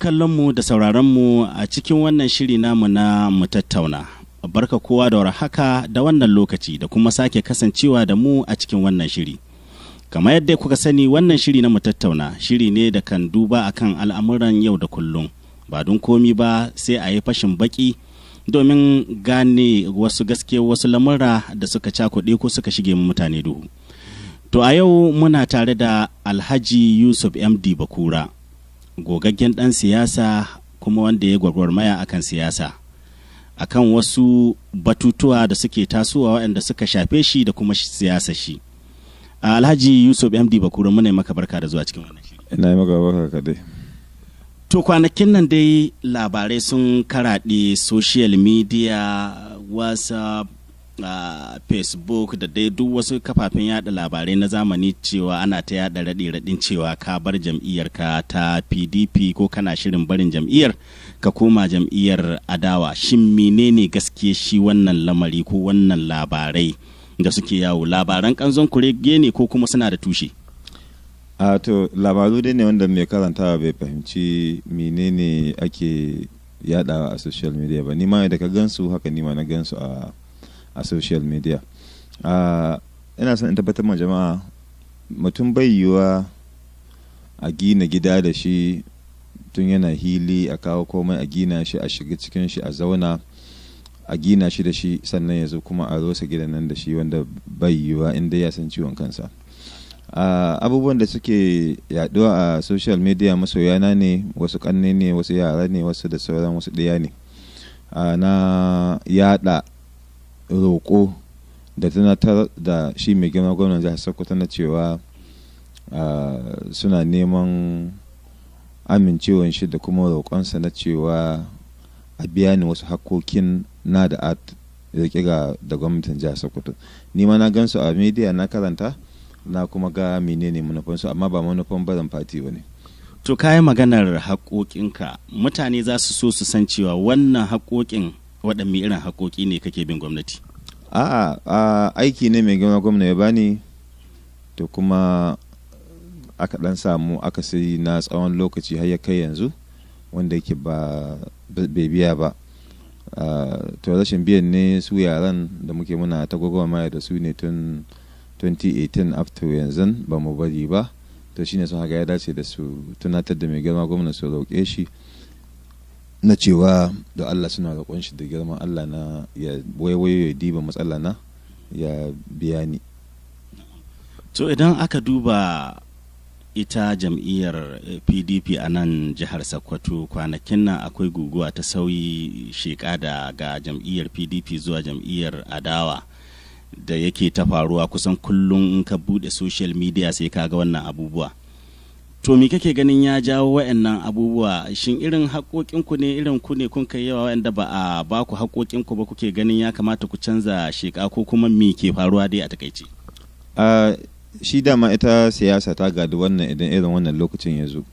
kallonmu da sauraronmu a cikin wannan shiri namu na mu tattauna. Barka kowa da warhaka da wannan lokaci da kuma sake kasancewa da mu a cikin wannan shiri. Kamar yadda kuka sani wannan shiri na mu tattauna shiri ne da kan duba akan al'amuran yau da kullum. Ba don komi ba sai a yi fashin baki domin gane wasu gaske wasu lamura da suka cakuɗe ko suka shige mutane duhu. To a yau muna tare da Alhaji Yusuf MD Bakura. gogaggen ɗan siyasa kuma wanda ya gwagwarmaya akan siyasa akan wasu batutuwa da suke tasowa waɗanda suka shafe shi da kuma siyasa shi alhaji yusuf md bakura muna maka barka da zuwa cikin wannan ina yi maka barka dai to kwanakin nan dai labarai sun karaɗe social media whatsapp a facebook da dai duk wasu kafafen yada labarai na zamani cewa ana ta yada raɗi raɗin cewa ka bar jam'iyyarka ta pdp ko kana shirin barin jam'iyyar ka koma jam'iyyar adawa shin menene gaskiya shi wannan lamari ko wannan labarai da suke yawo labaran kanzon kurege ne ko kuma suna da tushe a to labaru dai ne wanda mai karantawa bai fahimci menene ake yadawa a social media ba nima da ka gansu haka ni ma na gansu a a social media ina son in tabbatar ma jama'a mutum bai yiwa a gina gida da shi tun yana hili a kawo komai a gina shi a shiga cikin shi a zauna a gina shi da shi sannan ya kuma a rosa gidan nan da shi wanda bai yiwa inda ya san ciwon kansa abubuwan da suke yaduwa a social media masoyana ne wasu kanne ne wasu yara ne wasu da sauran wasu ɗaya ne na yada roƙo da tunatar da shi mai girma gwamnan jihar sokoto na cewa suna neman amincewan shi da kuma roƙonsa na cewa a biya ni wasu hakokin na da at riƙe ga da gwamnatin jihar sokoto ni ma na gan su a media na karanta na kuma ga menene su amma ba manufan barin fati ba ne to kayan maganar haƙoƙinka mutane za su so su san cewa wannan haƙoƙin waɗanne irin haƙoƙi ne kake bin gwamnati a'a aiki ne mai girma gwamna ya bani to kuma aka ɗan samu aka sai na tsawon lokaci har ya kai yanzu wanda yake ba bai biya ba to rashin biyan ne su yaran da muke muna ta gwagwarmaya da su ne tun 2018 after yanzu ba mu bari ba to shine sun haga ya dace da su tunatar da mai girma gwamna su roƙe shi na cewa da Allah suna da kunshi da girman Allah na ya waiwayo ya diba matsala na ya biya ni to idan aka duba ita jam'iyyar pdp eh, a nan jihar sokoto kwanakin nan akwai guguwa ta sauyi sheka da ga jam'iyyar pdp zuwa jam'iyyar adawa da yake ta faruwa kusan kullum in ka bude social media sai ka ga wannan abubuwa to me kake ganin ya jawo wa'annan abubuwa shin irin haƙoƙinku ne irin ku ne kun kai yawa wa'anda ba a ba ku haƙoƙinku ba kuke ganin ya kamata ku canza sheka ko kuma me ke faruwa dai a takaici uh, shi dama ita siyasa ta gadi wannan idan irin wannan lokacin ya zo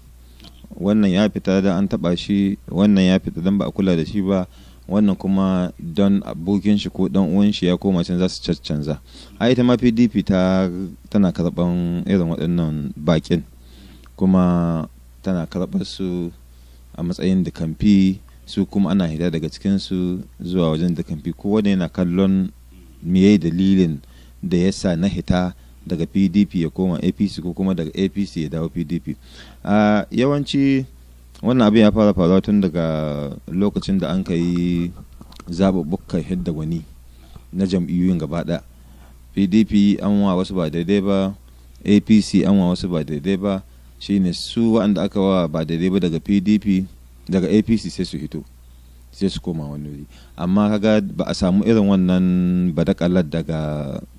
wannan ya fita da an taɓa shi wannan ya fita don ba a kula da shi ba wannan kuma don abokin shi ko dan uwan shi ya koma can za su canza a ita ma pdp ta tana karɓan irin waɗannan bakin kuma tana karɓar su a matsayin da kamfi su kuma ana hida daga cikinsu zuwa wajen da kamfi wani yana kallon miye dalilin da ya sa na hita daga pdp ya koma apc ko kuma daga apc ya dawo pdp a yawanci wannan abin ya fara faruwa tun daga lokacin da an ka yi zaɓuɓɓukan hidda wani na jam'iyyun gaba ɗaya pdp an wa wasu ba daidai ba apc an wa wasu ba daidai ba shine su waɗanda aka wa ba daidai ba daga pdp daga apc sai su hito sai su koma wani wuri amma kaga ba a samu irin wannan badakalar daga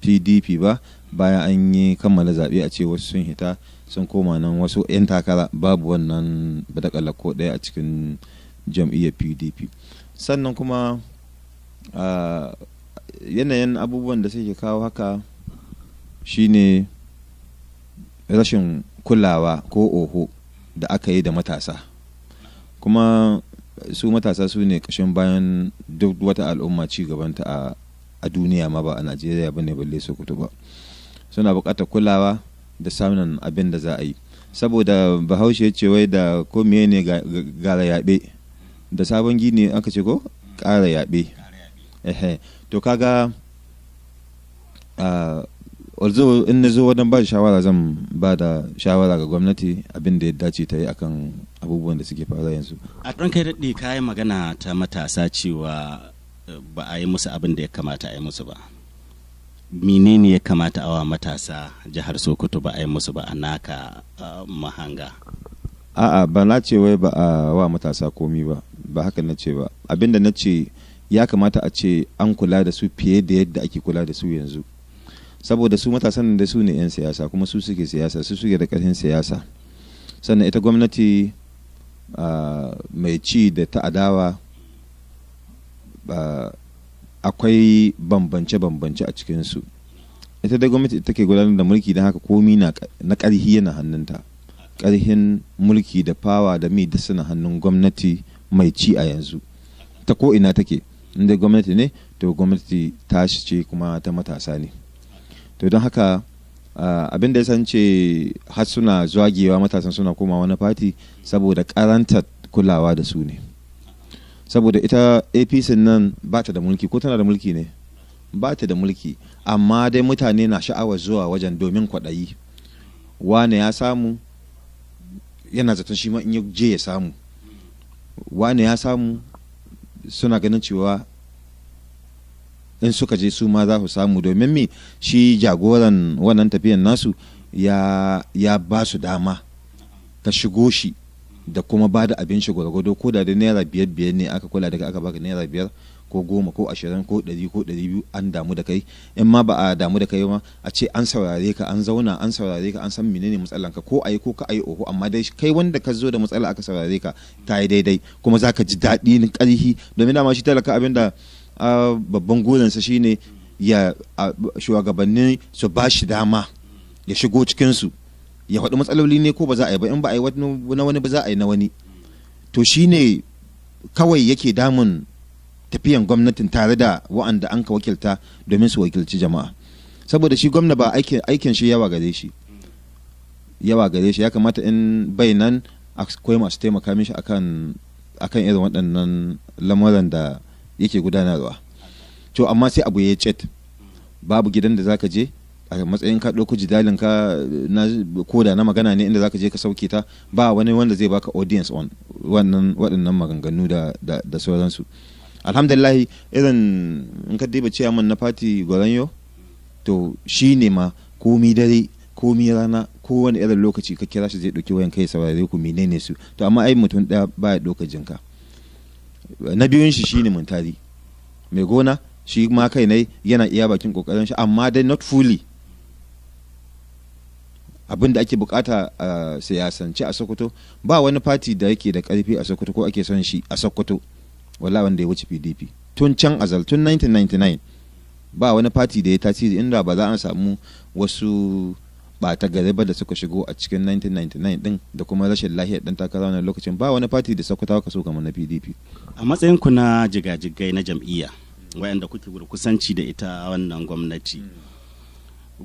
pdp ba bayan an yi kammala zaɓe a ce wasu sun hita sun koma nan wasu 'yan takara babu wannan badakalar ko ɗaya a cikin jam'iyyar pdp sannan kuma yanayin abubuwan da suke kawo haka shine rashin kulawa ko oho da aka yi da matasa kuma su matasa su ne ƙashin bayan duk wata al'umma ci gabanta a duniya ma ba a najeriya ba ne balle kutu ba suna buƙatar kulawa da samun abin da za a yi saboda bahaushe ce wai da ko ne gara yaɓe da sabon gini aka ce ko ƙara yaɓe to kaga ah, although in na zo wajen ba shawara zan ba da shawara ga gwamnati abin da ya dace ta yi akan abubuwan da suke faruwa yanzu a ɗan kai daɗi kayan magana ta matasa cewa eh, ba a yi musu abin da ya kamata a yi musu ba menene ya kamata awa matasa jihar sokoto ba a yi musu ba a naka eh, mahanga a'a ba na ce wai ba a wa matasa komi ba ba haka na ce ba abin da na ce ya kamata a ce an kula da su fiye da yadda ake kula da su yanzu saboda su matasan da su ne 'yan siyasa kuma su suke siyasa su suke da ƙarfin siyasa sannan ita gwamnati mai ci da ta adawa akwai bambance-bambance a cikinsu ita da gwamnati take gudanar da mulki don haka komi na ƙarhi yana hannunta ƙarhin mulki da fawa da mi da suna hannun gwamnati mai ci a yanzu ta ko ina take inda gwamnati ne to gwamnati shi ce kuma ta matasa ne to don haka abin da ya sance ce har suna zuwagewa matasan suna koma wani fati saboda karanta kulawa da su ne saboda ita apc nan ba ta da mulki ko tana da mulki ne ba ta da mulki amma dai mutane na sha'awar zuwa wajen domin kwaɗayi wane ya samu yana zaton shi ma in je ya samu wane ya samu suna ganin cewa in suka je su ma za su samu domin mi shi jagoran wannan tafiyan nasu ya, ya ba su dama ka shigo shi da kuma ba da abin shi gwargwado ko da naira biyar biyar ne aka kula daga aka baka naira biyar ko goma ko ashirin ko ɗari ko ɗari biyu an damu da kai in ma ba a damu da kai ma a ce an saurare ka an zauna an saurare ka an san menene matsalan ka ko a yi ko ka a yi oho amma dai kai wanda ka zo da matsala aka saurare ka ta yi daidai kuma za ka ji daɗi ni ƙarfi domin dama shi talaka abin da babban gurinsa shine ya shugabanni su ba shi dama ya shigo cikinsu ya faɗi matsaloli ne ko ba za a yi ba in ba a yi na wani ba za a yi na wani to shine kawai yake damun tafiyan gwamnatin tare da wa'anda an ka wakilta domin su wakilci jama'a saboda shi gwamna ba aikin shi yawa gare shi yawa gare shi ya kamata in bai nan akwai masu taimaka mishi akan akan irin waɗannan lamuran da yake gudanarwa to amma sai abu ya cet babu gidan da zaka je a matsayin ka ɗauko jidalin ka na koda na magana ne inda zaka je ka sauke ta ba wani wanda zai baka audience on wannan waɗannan maganganu da da, da sauransu alhamdulillah irin in ka diba ciyaman na fati gwaranyo to shi ne ma komi dare komi rana ko wani irin lokaci ka kira shi zai ɗauki wayan kai saurare ku menene su to amma ai mutum ɗaya ba ya ɗauka jinka na biyun shi shine muntari mai gona shi ma kai ne yana iya bakin kokarin shi amma dai not fully abin da ake bukata a siyasance a sokoto ba wani fati da yake da karfi a sokoto ko ake son shi a sokoto wala wanda ya wuce pdp tun can azal tun 1999 ba wani fati da ya tasiri inda ba za a samu wasu ɓata gari ba da suka shigo a cikin 1999 din da kuma rashin lahiyar dan takara wannan lokacin ba wani fati da sakwatawa so kamar na pdp a matsayin ku na jigajigai na jam'iyya wayanda kuke kusanci da ita wannan gwamnati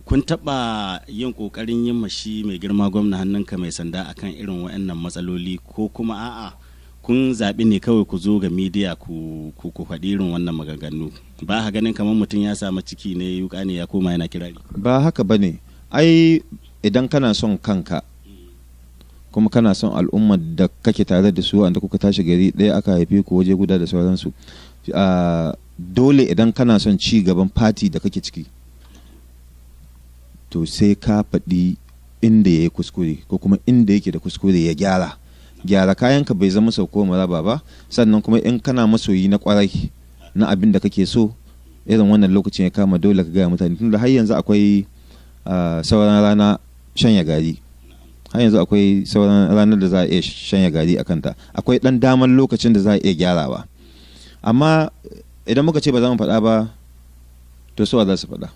kun taba yin ƙoƙarin yin mashi mai girma gwamna hannunka mai sanda akan irin wayannan matsaloli ko kuma a'a kun zaɓi ne kawai ku zo ga midiya ku ku faɗi irin wannan maganganu ba ha ganin kamar mutum ya samu ciki ne yuka ne ya koma yana kirari ba haka bane ai idan kana son kanka kuma kana son al'ummar da kake tare da su wanda kuka tashi gari daya aka haife ku waje guda da sauransu dole idan kana son ci gaban fati da kake ciki to sai ka faɗi inda ya yi kuskure ko kuma inda yake da kuskure ya gyara gyara kayanka bai zama sauko maraba ba sannan kuma in kana masoyi na kwarai na abin da kake so irin wannan lokacin ya kama dole ka gaya mutane tun tunda har yanzu akwai sauran rana shanya gari har yanzu akwai sauran ranar da za a iya shanya gari a kanta akwai dan daman lokacin da za a iya gyarawa amma idan muka ce ba za mu faɗa ba to suwa za su faɗa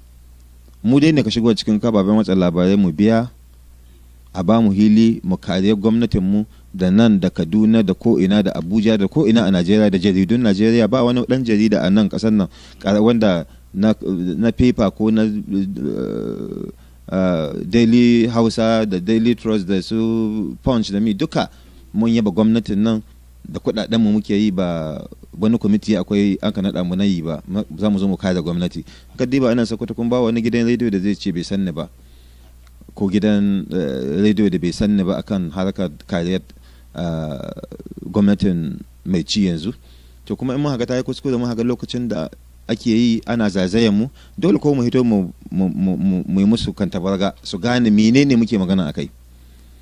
mu dai ne ka shigo cikin kababen watsa labarai mu biya a ba mu hili mu kare mu da nan da kaduna da ko'ina da abuja da ko'ina a najeriya da jaridun najeriya ba wani dan jarida a nan kasar nan wanda na, na pepa ko na eh, eh, daily hausa da daily trust da su punch da mi duka mun yaba gwamnatin nan da kudaden mu muke yi ba wani kwamiti akwai an ka naɗa mu na yi ba za mu zo mu kada gwamnati haka dai ba ina sakwata kun ba wani gidan rediyo da zai ce bai sanni ba ko gidan eh, rediyo da bai sanni ba akan haraka kariyar gwamnatin mai ci yanzu to kuma in mun haka ta yi kuskure mun haka lokacin da ake yi ana zazayen mu dole ko mu hito mu yi musu kanta barga su gane menene muke magana a kai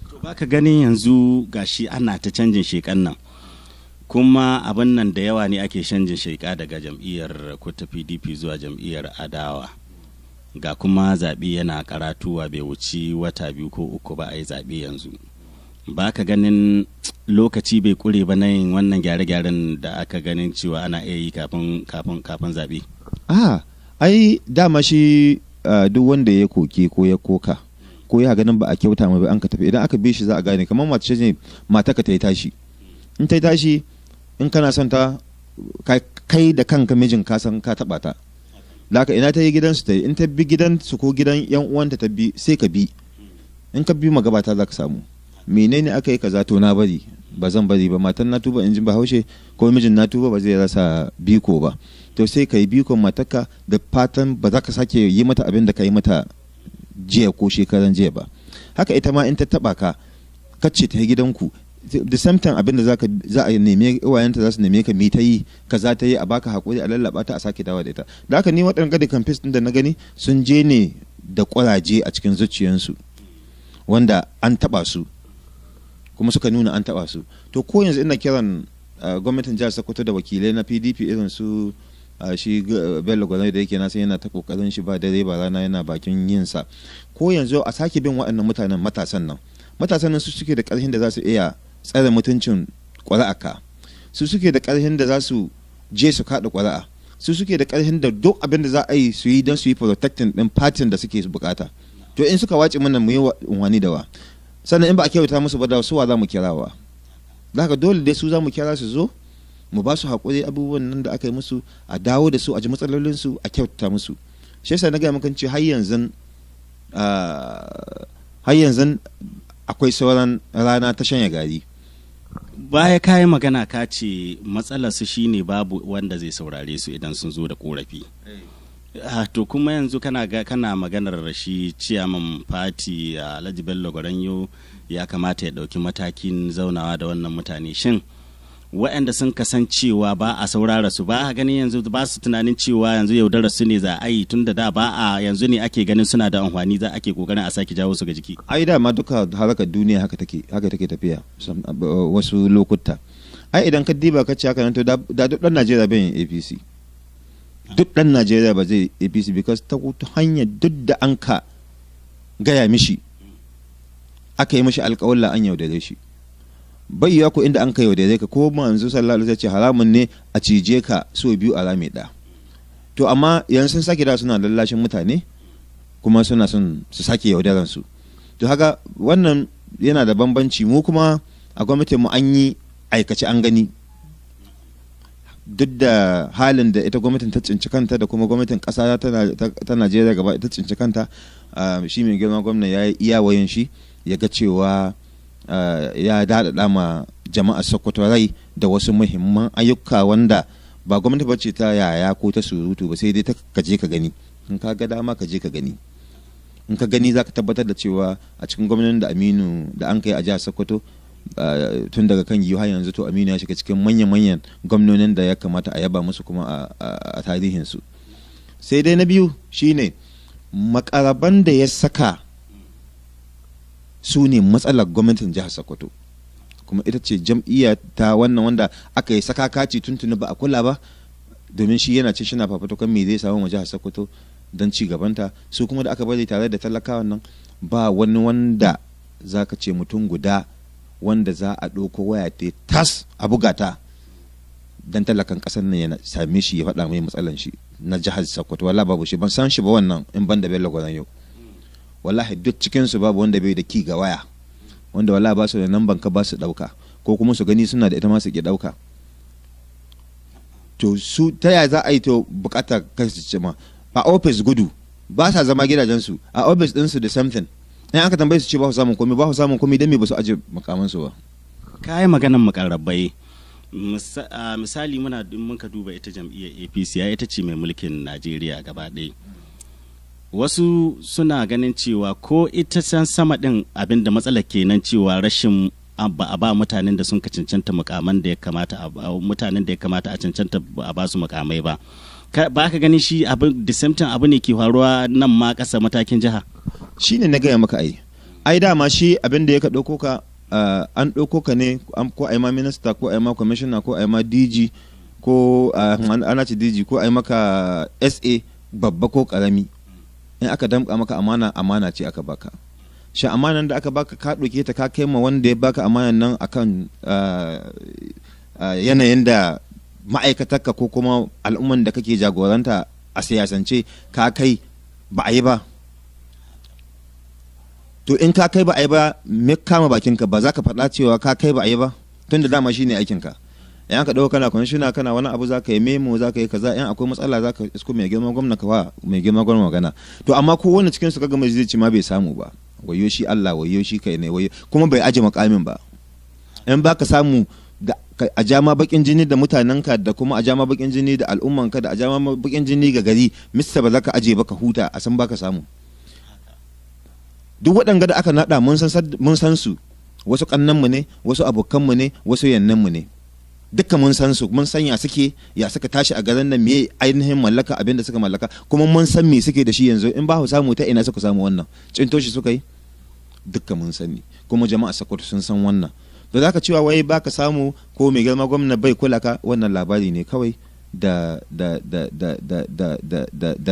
to baka ganin yanzu gashi ana ta canjin shekan nan kuma abin nan da yawa ne ake canjin sheka daga jam'iyyar kuta pdp zuwa jam'iyyar adawa ga kuma zaɓe yana karatuwa bai wuci wata biyu ko uku ba a yi zaɓe yanzu ba ka ganin lokaci bai kure ba na yin wannan gyare-gyaren da aka ganin cewa ana iya yi kafin kafin kafin zaɓe. Ah, ai dama shi duk wanda ya koke ko ya koka ko ya ganin ba a kyauta mai an ka tafi idan aka bi shi za a gane kamar mace ne mata ka ta yi tashi in ta yi tashi in kana son ta kai da kanka mijin ka san ka taɓa ta laka ina ta yi gidansu ta yi in ta bi gidansu ko gidan yan uwanta ta bi sai ka bi in ka bi magabata za ka samu menene aka yi kaza to na bari ba zan bari ba matan na tuba in ji bahaushe ko mijin na tuba ba zai rasa biko ba to sai ka yi bikon matarka da fatan ba za ka sake yi mata abin da ka yi mata jiya ko shekaran jiya ba haka ita ma in ta taba ka kacce ta gidanku da samtan abin da za a neme iwayenta za su neme ka mi ta yi ka za ta yi a baka hakuri a lallaba ta a sake dawa da ita da haka ni waɗanda gadi kamfis ɗin da na gani sun je ne da ƙwaraje a cikin zuciyarsu wanda an taɓa su kuma suka nuna an taɓa su to ko yanzu ina kiran ah, gwamnatin jihar sokoto da wakilai na pdp irin su ah, shi ah, bello gwanai da yake nasa yana ta kokarin shi ba dare ba rana yana bakin yinsa ko yanzu a sake bin waɗannan mutanen matasan nan matasan nan su suke da ƙarfin da za su iya tsare mutuncin ƙwara'aka su suke da ƙarfin da za su je su kaɗa ƙwara'a su suke da ƙarfin da duk abin da za a yi su yi don su yi protecting ɗin fatin da suke bukata to in suka wace mana mu yi wani da wa sannan in ba a kyauta musu ba da suwa za mu kirawa da haka dole dai su za mu kira su zo mu ba su haƙuri abubuwan nan da aka yi musu a dawo da su a ji matsalolinsu a kyauta musu shi yasa na gaya maka ce har yanzu akwai sauran rana ta shanya gari baya yi magana ka ce matsalarsu shine babu wanda zai saurare su idan sun zo da korafi eh. Ah, to kuma yanzu kana ga kana maganar shi ciyaman fati ah, alhaji bello gwaranyo ya kamata ya ɗauki matakin zaunawa da wannan mutane shin waɗanda sun kasancewa ba a saurara su ba a ganin yanzu ba su tunanin cewa yanzu yaudarar su ne za a yi tun da da ba a yanzu ne ake ganin suna da amfani za ake kokarin a sake jawo su ga jiki ai da ma duka harkar duniya haka take haka take tafiya wasu lokuta ai idan ka diba ka ce haka nan to da duk dan Najeriya bai APC duk ɗan najeriya ba zai apc because ta hanyar duk da an ka gaya mishi aka yi mishi alkawalla an yaudare shi bai yiwa ku inda an ka yaudare ka ko manzo sallallahu alaihi ce haramun ne a cije ka so biyu a rami ɗaya to amma yanzu sun sake da suna lallashin mutane kuma suna son su sake yaudaran su to haka wannan yana da bambanci mu kuma a gwamnatin mu an yi aikace an gani duk da halin da ita gwamnatin ta cinci kanta da kuma gwamnatin kasa ta najeriya gaba ita cinci kanta ah, shi mai girma gwamna ya yi iyawayin shi ya ga cewa ah, ya daɗaɗa ma jama'a sokoto rai da wasu muhimman ayyuka wanda ba gwamnati ce ta yaya ko ta surutu ba sai dai ta kaje ka gani in ka ga dama ka ka gani in ka gani za ka tabbatar da cewa a cikin gwamnatin da aminu da an kai a jihar sokoto tun daga kan har yanzu to aminu ya shiga cikin manya-manyan gwamnonin da ya kamata a yaba musu kuma a tarihinsu sai dai na biyu shine makaraban da ya saka su ne matsalar gwamnatin jihar sokoto kuma ita ce jam'iyya ta wannan wanda aka yi saka kaci tuntuni ba a kula ba domin shi yana ce shina fafatukan me zai samu jihar sokoto don ci gabanta su kuma da aka bari tare da talakawa nan ba wani wanda zaka ce mutum guda wanda za a ɗauko waya ta tas a bugata don dan talakan ƙasar nan ya same shi ya faɗa mai matsalan shi na jihar Sokoto Wala babu shi ban san shi ba wannan in ban da Bello Gwaran yau wallahi duk cikin su babu wanda bai da ki ga waya wanda wala ba su da namban ka ba su ɗauka ko kuma su gani suna da ita ma su ke ɗauka to su ta yaya za a yi ta bukatar kai su ma a ofis gudu ba sa zama gidajensu a ofis ɗinsu da something in aka tambaye su ce ba su samun komai ba su samun komai dan me ba su aje su ba kayan maganan makarrabai misali muna ka duba ita jam'iyyar apc ya ita ce mai mulkin najeriya gaba ɗaya wasu suna ganin cewa ko ita san sama ɗin abinda matsala kenan cewa rashin ba a ba mutanen da sun ka cancanta mukaman da ya kamata a mutanen da ya kamata a cancanta ba a ba su mukamai ba ba ka gani shi abin disemtin abu ne ke faruwa nan ma kasa matakin jiha shi ne na gaya maka ai ai dama shi abin da ya ka ɗauko ka ah, an ɗauko ka ne ko ai ma minista ko ai ma commissioner ko ai ma dg ko ah, ana ce dg ko ai maka sa babba ko karami in aka damƙa maka amana amana ce aka baka shi amanan da aka baka ka ɗauke ta ka kai ma wanda ya baka amanan nan akan ah, yanayin da ma'aikatarka ko kuma al'umman da kake jagoranta a siyasance ka kai ba a yi ba to in ka kai ba a yi ba me kama bakinka ba za ka faɗa cewa ka kai ba a yi ba tun da dama shine aikinka yan ka dauka kana kwamishina kana wani abu za ka yi memo za ka yi kaza yan akwai matsala za ka isko mai girma gwamna ka mai girma gwamna magana to amma ko wani cikin su kaga mai zai ma bai samu ba wayo shi Allah wayo shi kai ne wayo kuma bai aje makamin ba in baka samu a jama bakin jini da mutanenka da kuma a jama bakin jini da al'ummanka da a jama bakin jini ga gari mista ba za ka aje baka huta a san baka samu duk waɗanga da aka naɗa mun san su wasu mu ne wasu abokanmu ne wasu mu ne dukkan mun san su mun san ya suke ya suka tashi a garin nan me ainihin mallaka abin da suka mallaka kuma mun san me suke da shi yanzu in ba ku samu ta ina suka samu wannan cintoshi suka yi dukkan mun sani kuma jama'a sakwato sun san wannan da za ka cewa wai ba ka samu ko mai girma gwamna bai kula ka wannan labari ne kawai da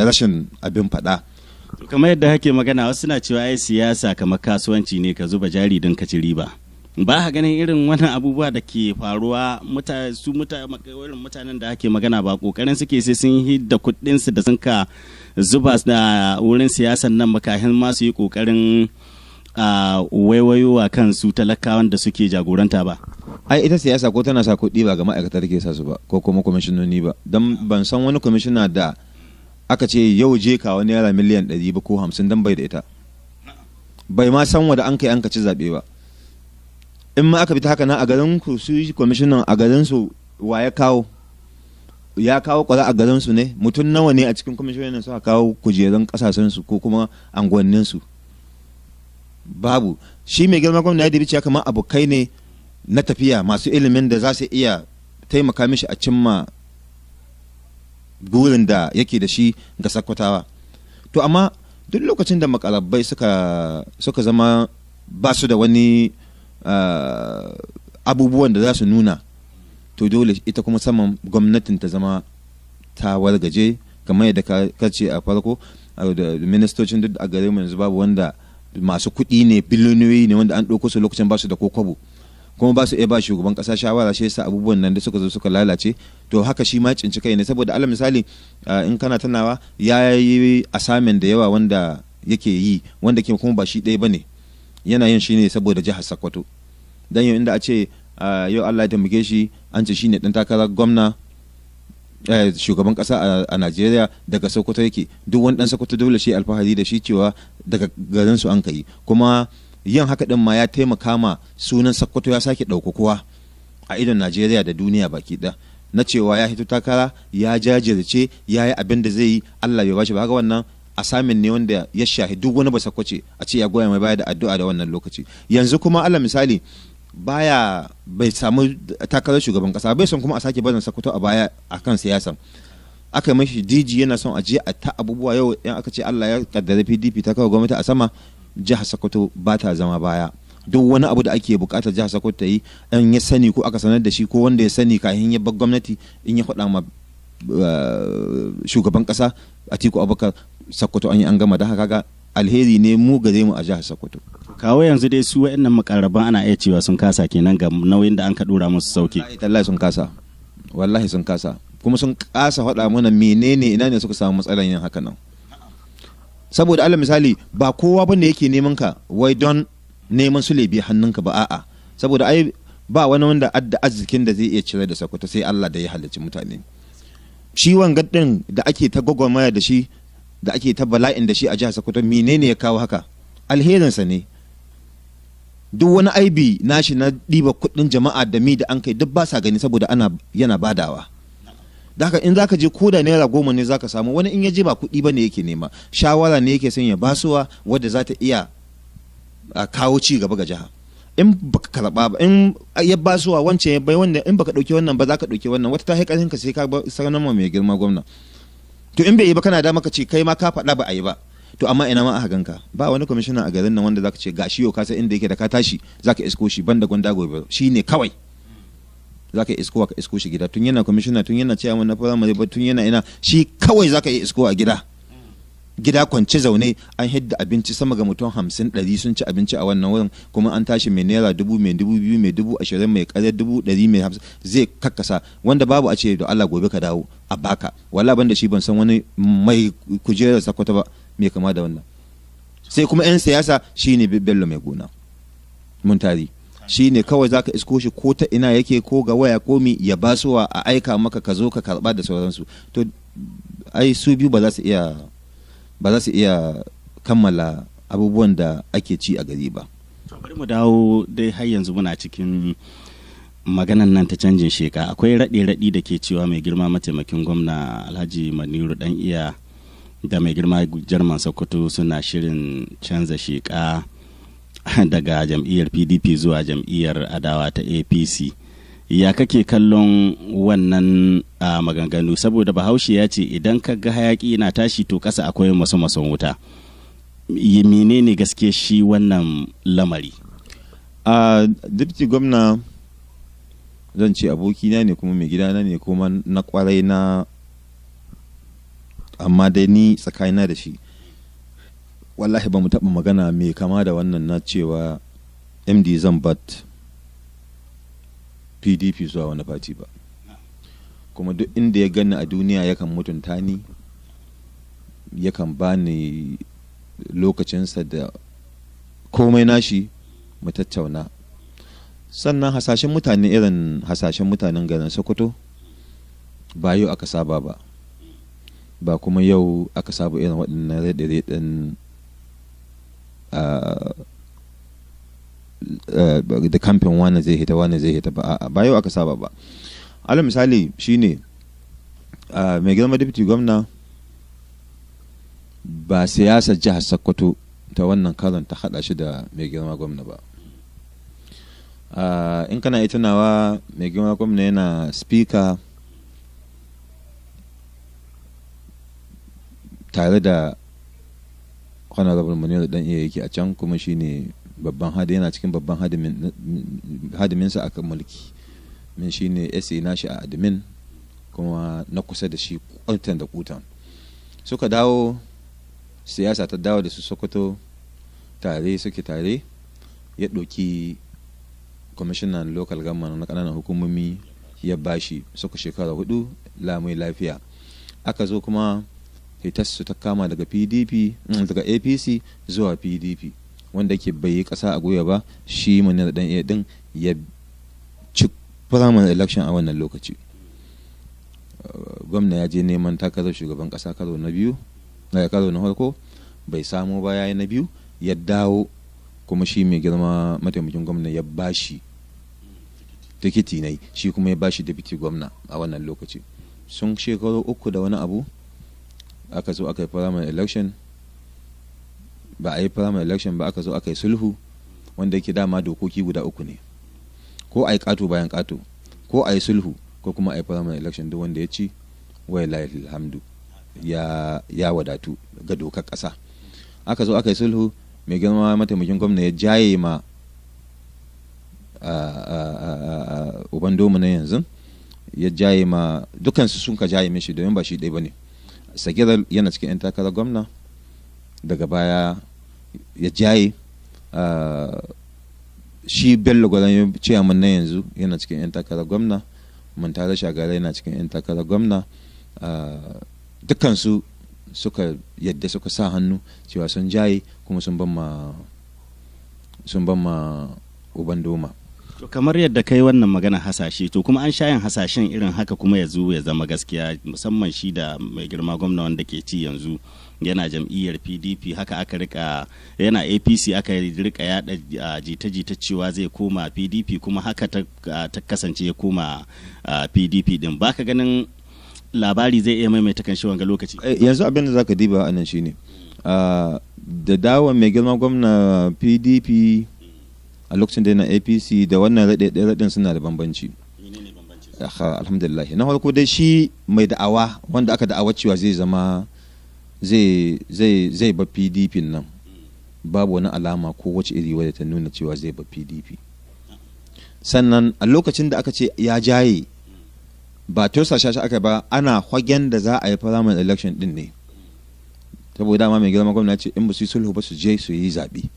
rashin abin faɗa. kamar yadda hake magana wasu na cewa ai siyasa kamar kasuwanci ne ka zuba jari don ka ci riba ba ha ganin irin wannan abubuwa da ke faruwa su mutanen da hake magana ba kokarin suke sai sun yi da kuɗinsu da sun ka zuba da ah, wurin siyasan nan makahin masu yi kokarin waiwayo waiwayowa kan su talakawan da suke jagoranta ba ai ita siyasa ko tana sa kuɗi ba ga ma'aikata take sa su ba ko kuma kwamishinoni ba don ban san wani kwamishina da aka ce yau je kawo naira miliyan ɗari ba ko hamsin don bai da ita bai ma san wanda an kai an kaci zaɓe ba in ma aka bi ta haka na a garin ku su kwamishinan a garin su wa ya kawo ya kawo kwara a garin su ne mutum nawa ne a cikin kwamishinan suka kawo kujerun kasashen su ko kuma anguwannin su babu shi mai girma gwamna ya cewa kamar abokai ne na tafiya masu ilimin da za su iya taimaka mishi a cimma burin da yake da shi ga sakwatawa to amma duk lokacin da makalabbai suka, zama ba su da wani ah, abubuwan da za su nuna to dole ita kuma saman gwamnatin ta zama ta wargaje kamar yadda ka ce a farko ministocin duk a gare mu yanzu babu wanda masu kuɗi ne biliyoyi ne wanda an ɗauko su lokacin ba su da kokobo kuma ba su iya ba shugaban kasa shawara shi yasa abubuwan nan da suka zo suka lalace to haka shi ma cinci kai ne saboda alal misali in kana tanawa ya yi asamen da yawa wanda yake yi wanda ke kuma ba shi ɗaya ba ne yana yin shi ne saboda jihar Sokoto dan yau inda a ce yau Allah ya taimake shi an ce shi ne dan takarar gwamna Eh, shugaban kasa a Najeriya daga Sokoto yake duk wani dan Sokoto dole shi alfahari da shi cewa daga garin su an kai kuma yin haka din ma ya taimaka ma sunan Sokoto ya sake kowa a idon Najeriya da duniya baki da na cewa ya hito takara ya jajirce ya yi abin da zai yi Allah ya bashi ba haka wannan samin ne wanda ya shahi duk wani ba basakwace a ce ya goya mai baya da addu'a da wannan lokaci yanzu kuma Allah misali baya bai samu takarar shugaban kasa bai son kuma a sake barin sakuto a baya a kan siyasa aka yi mashi diji yana son a ji a ta abubuwa yau yan aka ce Allah ya kaddara PDP ta kawo gwamnati a sama jihar Sokoto ba ta zama baya duk wani abu da ake buƙatar jihar Sokoto ta yi in ya sani ko aka sanar da shi ko wanda ya sani kafin ya bar gwamnati in ya faɗa ma eh, shugaban kasa Atiku Abubakar Sokoto an yi an gama da haka ga alheri ne mu gare mu a jihar Sokoto kawo yanzu dai su wa'annan makarraban ana iya cewa sun kasa kenan ga nauyin da an ka dora musu sauki wallahi sun kasa wallahi sun kasa kuma sun kasa faɗa mana menene ina ne suka samu matsalan yin haka nan saboda alal misali ba kowa bane yake neman ka wai don neman su lebi hannunka ba a'a saboda ai ba wani wanda adda arzikin da zai iya cire da sakwata sai Allah da ya halicci mutane shi wangan din da ake ta gwagwarmaya da shi da ake ta bala'in da shi a jihar Sokoto menene ya kawo haka alherinsa ne duk wani aibi nashi na ɗiba kuɗin jama'a da mi da an kai duk ba sa gani saboda ana yana badawa daga in zaka je ko da naira goma ne zaka samu wani in ya je ba kuɗi ba ne yake nema shawara ne yake son ya basuwa wadda za ta iya kawo ci gaba ga jiha in baka karba ba in ya basuwa wance ya bai wanda in baka dauke wannan ba zaka dauke wannan wata ta haƙarin ka sai ka sanar mai girma gwamna to in bai yi ba kana da maka ce kai ma ka faɗa ba a yi ba to amma ina ma aka ganka ba wani kwamishina a garin nan wanda zaka ce ga shi yau kasa inda yake da ka tashi zaka isko shi banda gwanda gobe shi ne kawai zaka isko ka isko shi gida tun yana kwamishina tun yana ciyaman na firamare ba tun yana ina shi kawai zaka yi isko a gida gida kwance zaune an hidda abinci sama ga mutum hamsin ɗari sun ci abinci a wannan wurin kuma an tashi mai naira dubu mai dubu biyu mai dubu ashirin mai ƙarar dubu ɗari mai hamsin zai kakkasa wanda babu a ce da Allah gobe ka dawo a baka wala ban da shi ban san wani mai kujerar sakwata ba mai kama da wannan sai kuma 'yan siyasa shine bello mai gona mun tari shi ne kawai zaka isko shi ko ta ina yake ko ga waya ko mi ya basuwa a aika maka ka zo ka karba da sauransu to ai su biyu ba za su iya kammala abubuwan da ake ci a gari ba bari mu dawo dai har yanzu muna cikin maganan nan ta canjin sheka akwai raɗe-raɗi da ke cewa mai girma mataimakin gwamna alhaji maniru dan iya da mai girma Jerman sokoto suna shirin canza shiƙa daga jam'iyyar pdp zuwa jam'iyyar adawa ta apc ya kake kallon wannan maganganu saboda bahaushe ya ce idan ka ga hayaƙi na tashi to ƙasa akwai masu mason wuta menene gaske shi wannan lamari a dipti gwamna zan ce abokina ne kuma mai gidana ne kuma na kwarai na amma dai ni tsakanina da shi wallahi ba mu taɓa magana mai kama da wannan na cewa md zan bat pdp zuwa wani fati ba kuma duk inda ya gani a duniya yakan mutunta ni yakan ba ni lokacinsa da komai nashi mu tattauna sannan hasashen mutane irin hasashen mutanen garin sokoto ba yau aka saba ba ba kuma yau aka saba irin waɗannan raɗe-raɗen da kamfen wani zai hita wani zai hita ba ba yau aka saba ba ala misali shine mai girma deputy gwamna ba siyasar jihar sokoto ta wannan karon ta hada shi da mai girma gwamna ba in kana itinawa mai girma gwamna yana speaker tare da honorable munir dan iya yake a can kuma shine babban hadi yana cikin babban hadiminsa a kan mulki min shine sa nashi a admin kuma na kusa da shi kwantan da kutan suka dawo siyasa ta dawo da su sokoto tare suke tare ya ɗauki kwamishinan lokal government na kananan hukumomi ya bashi suka shekara hudu lamai lafiya aka zo kuma su ta kama daga pdp mm, daga apc zuwa pdp wanda ke bai yi kasa a goya ba shi munir dan iya din ya ci primary election a wannan lokaci uh, gwamna ya je neman takarar shugaban kasa karo na biyu na eh, karo na farko bai samu ba yayi na biyu ya dawo kuma shi mai girma mataimakin gwamna ya bashi tikiti ne shi kuma ya bashi deputy gwamna a wannan lokaci sun shekaru uku da wani abu aka zo aka yi primary election ba a yi primary election ba aka zo aka yi sulhu wanda yake dama dokoki guda uku ne ko a yi kato bayan kato ko a yi sulhu ko kuma a yi primary election duk wanda ya ci wai alhamdu ya, ya wadatu ga dokar ƙasa aka zo aka yi sulhu mai girma mataimakin gwamna ya jaye ma uban domina na yanzu ya jaye ma dukansu sun ka jaye mishi domin ba shi ɗaya ba ne Sagiral yana cikin 'yan takarar gwamna daga baya ya jaye shi bello gwaran ciyaman na yanzu yana cikin 'yan takarar gwamna muntare shagara yana cikin 'yan takarar gwamna dukansu suka yadda suka sa hannu cewa sun jaye kuma sun ban ma uban doma to kamar yadda kai wannan magana hasashe to kuma an sha yin hasashen irin haka kuma ya zo ya zama gaskiya musamman shi da mai girma gwamna wanda ke ci yanzu yana jam'iyyar pdp haka aka rika yana apc aka rika yada jita-jita cewa zai koma pdp kuma haka ta kasance ya koma pdp din baka ganin labari zai iya maimaita kan shi lokaci eh, yanzu abin da zaka diba anan shine da dawon mai girma gwamna pdp a lokacin da na apc da wannan raɗin suna da bambanci alhamdulillah na farko dai shi mai da'awa wanda aka da'awa cewa zai zama zai ba pdp nan babu wani alama ko wace iri wadda ta nuna cewa zai ba pdp sannan a lokacin da aka ce ya jaye ba tosa shashi aka ba ana hagen da za a yi firamare election din ne saboda ma mai girma gwamna ce in ba su yi sulhu ba su je su yi zaɓe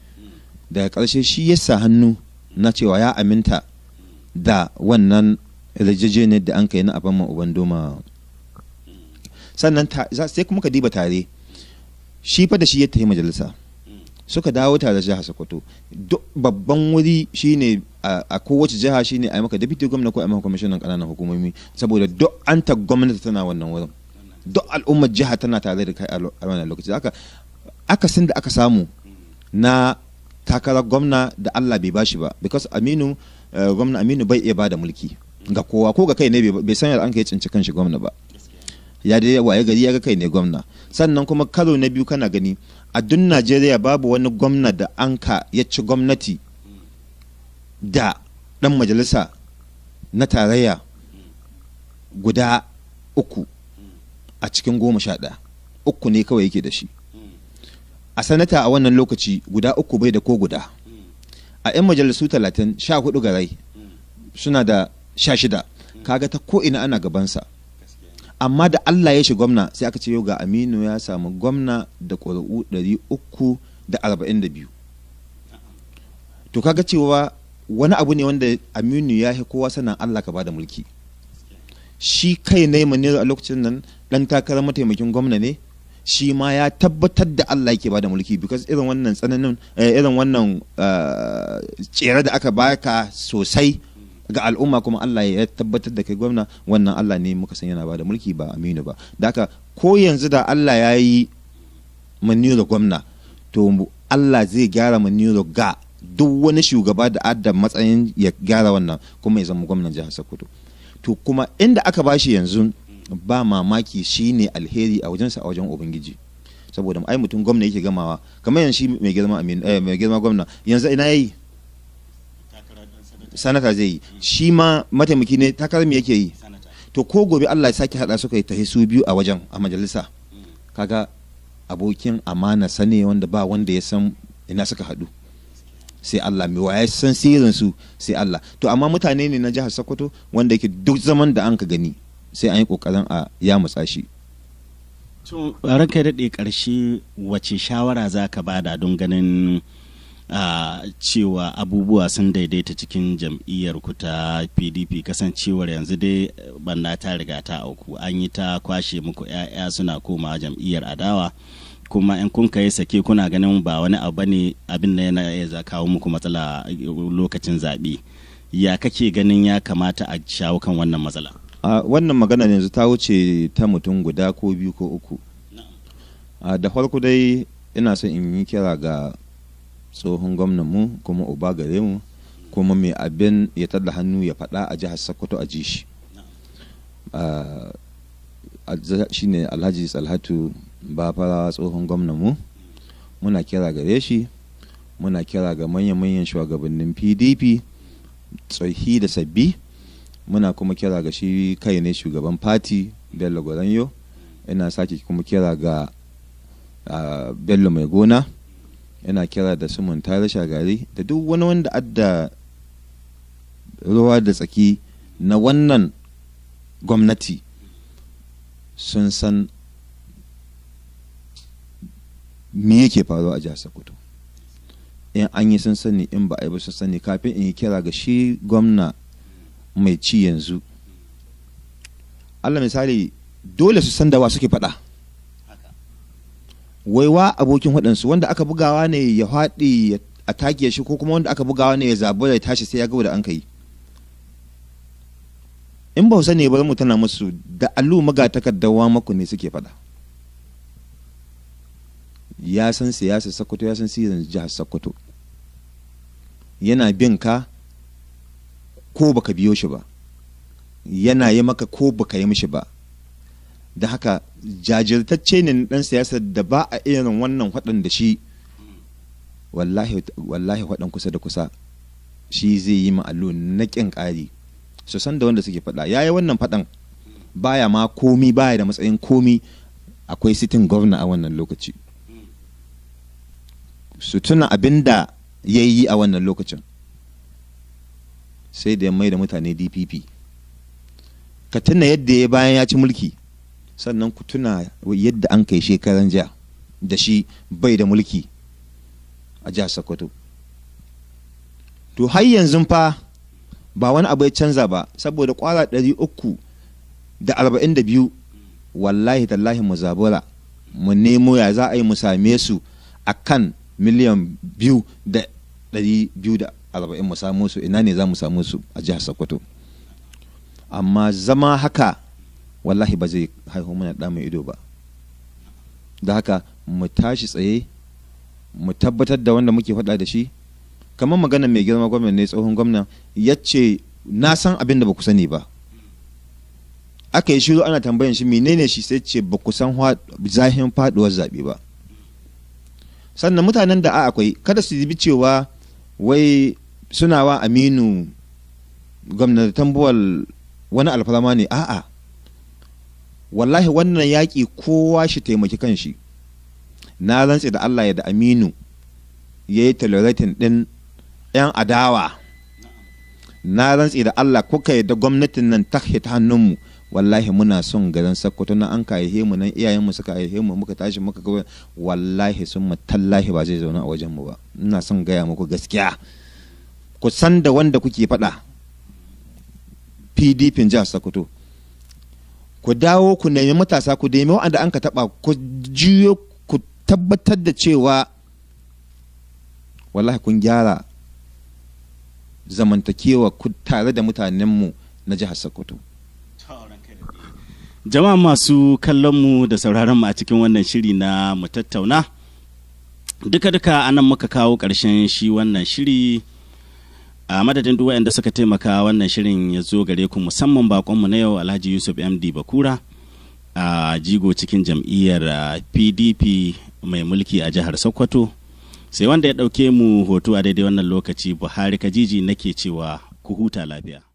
daga ƙarshe shi ya sa hannu na cewa ya aminta da wannan yarjejeniyar da an kai na abin ma'uban doma sannan sai kuma ka diba tare shi fa da shi ya tafi majalisa suka dawo tare da jihar sokoto babban wuri shine a kowace jiha shine a maka deputy gwamna ko a maka kwamishinan ƙananan hukumomi saboda duk an ta gwamnati tana wannan wurin duk al'ummar jiha tana tare da kai a wannan lokaci aka akasin da aka samu na takarar gwamna da Allah bai bashi ba because Aminu eh, gwamna Aminu bai iya bada mulki ga kowa ko ga kai ne bai san an kai cinci kanshi gwamna ba ya dai waye gari ya ga kai ne gwamna sannan kuma karo na biyu kana gani a duk Najeriya babu wani gwamna da anka ka ya ci gwamnati da dan majalisa na tarayya guda uku a cikin goma sha ɗaya uku ne kawai yake da shi a sanata a wannan lokaci guda uku bai da ko guda a 'yan majalisu talatin sha hudu rai suna da sha kaga ta ko ina ana gabansa amma da Allah ya shi gwamna sai aka ce yau ga Aminu ya samu gwamna da ƙuri'u 342 to kaga cewa wani abu ne wanda Aminu ya yi kowa sanan Allah ka bada mulki shi kai na yi a lokacin nan ɗan takarar mataimakin gwamna ne shi ma ya tabbatar da Allah yake da mulki because irin wannan tsananin eh, irin wannan eh, tsere da aka baka sosai ga al'umma kuma Allah ya tabbatar da kai gwamna wannan Allah ne muka san yana bada mulki ba Aminu ba da haka ko yanzu da Allah ya yi maniro gwamna to Allah zai gyara maniro ga duk wani shugaba da adda matsayin ya gyara wannan kuma ya zama gwamnan jihar Sokoto to kuma inda aka bashi yanzu ba mamaki shi ne alheri a wajensa a wajen ubangiji saboda ai mutum gwamna yake gamawa kamar yanzu mai girma eh, mai girma gwamna yanzu ina yi? sanata zai yi shi ma mataimaki ne takarmi yake yi to ko gobe Allah ya sake hada suka yi ta su biyu a wajen a majalisa kaga abokin amana sane wanda ba wanda ya san ina suka hadu sai Allah mai waya san sirrin su sai Allah to amma mutane ne na jihar Sokoto wanda yake duk zaman da an ka gani sai an yi ƙoƙarin a ya matsa shi to ranka daɗe ƙarshe wace shawara za ka bada don ganin cewa abubuwa sun daidaita cikin jam'iyyar ku ta pdp kasancewar yanzu dai banda ta riga ta auku an yi ta kwashe muku 'ya'ya suna koma jam'iyyar adawa kuma in kun kai sake kuna ganin ba wani abu ne abin da yana iya kawo muku matsala lokacin zaɓe ya kake ganin ya kamata a shawo kan wannan matsala a wannan magana yanzu ta wuce ta mutum guda ko biyu ko uku a da farko dai ina son in yi kira ga tsohon gwamnanmu kuma uba gare mu kuma mai abin ya tada hannu ya faɗa a jihar sokoto a ji shi shi ne alhaji tsalhatu ba fara tsohon gwamnanmu muna kira gare shi muna kira ga manya-manyan shugabannin pdp tsohi da sabbi muna kuma kira ga shi kai ne shugaban fati bello gwaranyo ina sake kuma kira ga bello mai gona ina kira da sumun tare shagari da duk wani wanda adda ruwa da tsaki na wannan gwamnati sun san me yake faruwa a jihar sokoto in an yi sun sani in ba a yi ba sun sani kafin in yi kira ga shi gwamna mai ci yanzu allah misali dole su san da wa suke faɗa waiwa abokin waɗansu wanda aka bugawa ne ya haɗi a take shi ko kuma wanda aka bugawa ne ya zaɓi da tashi sai ya gaba da an kai in ba sani ba mu tana musu da allu maga takardawa maku ne suke faɗa ya san siyasar sokoto ya san siyasar jihar sokoto yana bin ka ko baka biyo shi ba yana yi maka ko baka yi mishi ba da haka jajirtacce ne dan siyasar da ba a irin wannan haɗin da shi wallahi haɗin kusa da kusa shi zai yi ma'allu na ƙin ƙari su san da wanda suke faɗa ya yi wannan faɗan baya ma komi baya da matsayin komi akwai sitin gwamna a wannan lokaci su tuna abin da ya yi a wannan lokacin sai da ya mai da mutane dpp ka tuna yadda ya bayan ya ci mulki sannan ku tuna yadda an kai shekaran jiya da shi bai da mulki a jihar sokoto to har yanzu fa ba wani abu ya canza ba saboda kwara da da arba'in 342 wallahi tallahi mu zabura mu nemo ya za a yi mu same su a kan miliyan biyu da ɗari biyu da arba'in mu samu su ina ne za mu samu su a jihar sokoto amma zama haka wallahi ba zai haihu mana da mai ido ba da haka mu tashi tsaye mu tabbatar da wanda muke faɗa da shi kamar magana mai girma gwamna ne tsohon gwamna ya ce na san abin da ba ku sani ba aka yi shiru ana tambayan shi menene shi sai ce ba ku san zahin faduwar zaɓe ba sannan mutanen da a akwai kada su yi bi cewa wai suna wa aminu gwamnati tambuwal wani alfarma ne a'a wallahi wannan yaƙi kowa shi taimaki kanshi na rantse da allah ya da aminu ya yi tolerating ɗin 'yan adawa na rantse da allah kuka yi da gwamnatin nan ta hannunmu wallahi muna son garin sakkwato na an kaihe mu nan iyayenmu suka kaihe mu muka tashi muka kawai wallahi sun tallahi ba zai zauna a wajenmu ba ina son gaya muku gaskiya ku san da wanda kuke faɗa pdp jihar sokoto ku dawo ku nemi matasa ku nemi wanda an ka taɓa ku juyo ku tabbatar da cewa wallahi kun gyara zamantakewa ku tare da mutanenmu na jihar sokoto jama'a masu kallonmu da sauraronmu a cikin wannan shiri na mu tattauna duka-duka anan muka kawo ƙarshen shi wannan shiri a madadin duk waɗanda suka taimaka wannan shirin ya zo gare ku musamman bakonmu na yau alhaji yusuf md bakura a jigo cikin jam'iyyar pdp mai mulki a jihar sokoto sai wanda ya ɗauke mu hoto a daidai wannan lokaci buhari kajiji nake cewa ku huta lafiya